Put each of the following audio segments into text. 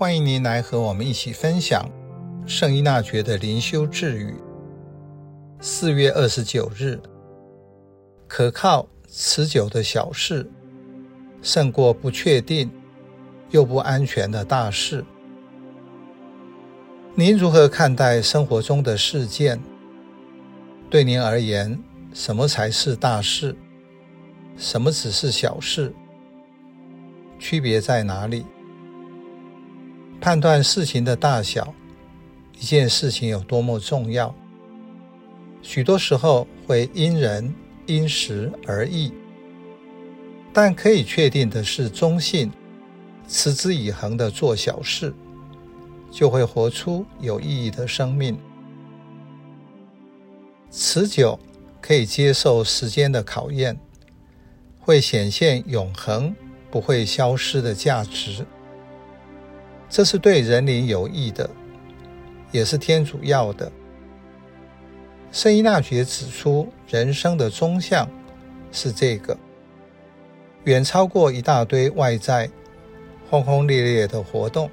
歡迎您來和我們一起分享聖依納爵的靈修智語。四月二十九日，可靠持久的小事，勝過不確定又不安全的大事。您如何看待生活中的事件？對您而言，什麼才是大事？什麼只是小事？區別在哪裡？判斷事情的大小，一件事情有多麼重要，許多時候會因人因時而異。但可以確定的是，忠信持之以恆的做小事，就會活出有意義的生命。持久可以接受時間的考驗，會顯現永恆不會消失的價值。這是對人靈有益的，也是天主要的。聖依納爵指出，人生的終向是這個，遠超過一大堆外在轟轟烈烈的活動，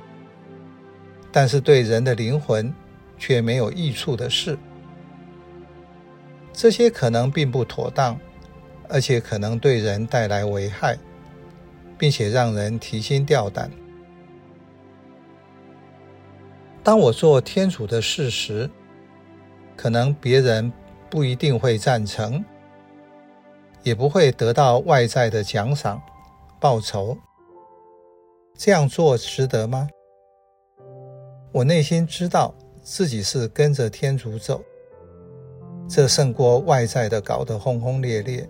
但是對人的靈魂卻沒有益處的事。這些可能並不妥當，而且可能對人帶來危害，並且讓人提心吊膽。當我做天主的事時，可能別人不一定會贊成，也不會得到外在的獎賞、報酬。這樣做值得嗎？我內心知道自己是跟着天主走，這勝過外在的搞得轟轟烈烈。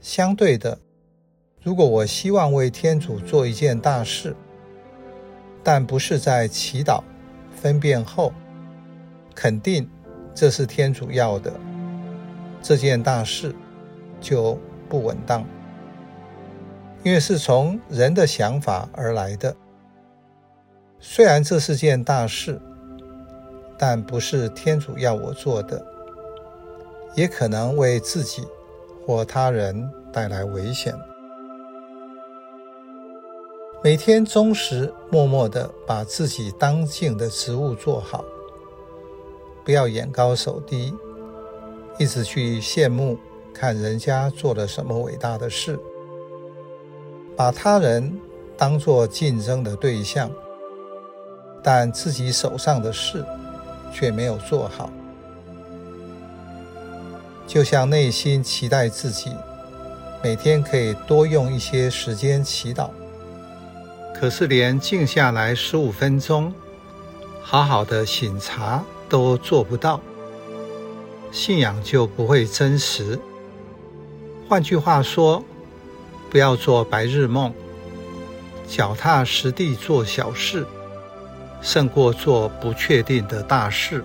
相對的，如果我希望為天主做一件大事，但不是在祈禱，分辨後，肯定這是天主要的，這件大事就不穩當，因為是從人的想法而來的。雖然這是件大事，但不是天主要我做的，也可能為自己或他人帶來危險。每天忠實、默默地把自己當盡的職務做好，不要眼高手低，一直去羨慕看人家做了什麼偉大的事，把他人當做競爭的對象，但自己手上的事卻沒有做好。就像內心期待自己每天可以多用一些時間祈禱。可是連靜下來十五分鐘，好好的省察都做不到，信仰就不會真實。換句話說，不要做白日夢，腳踏實地做小事，勝過做不確定的大事。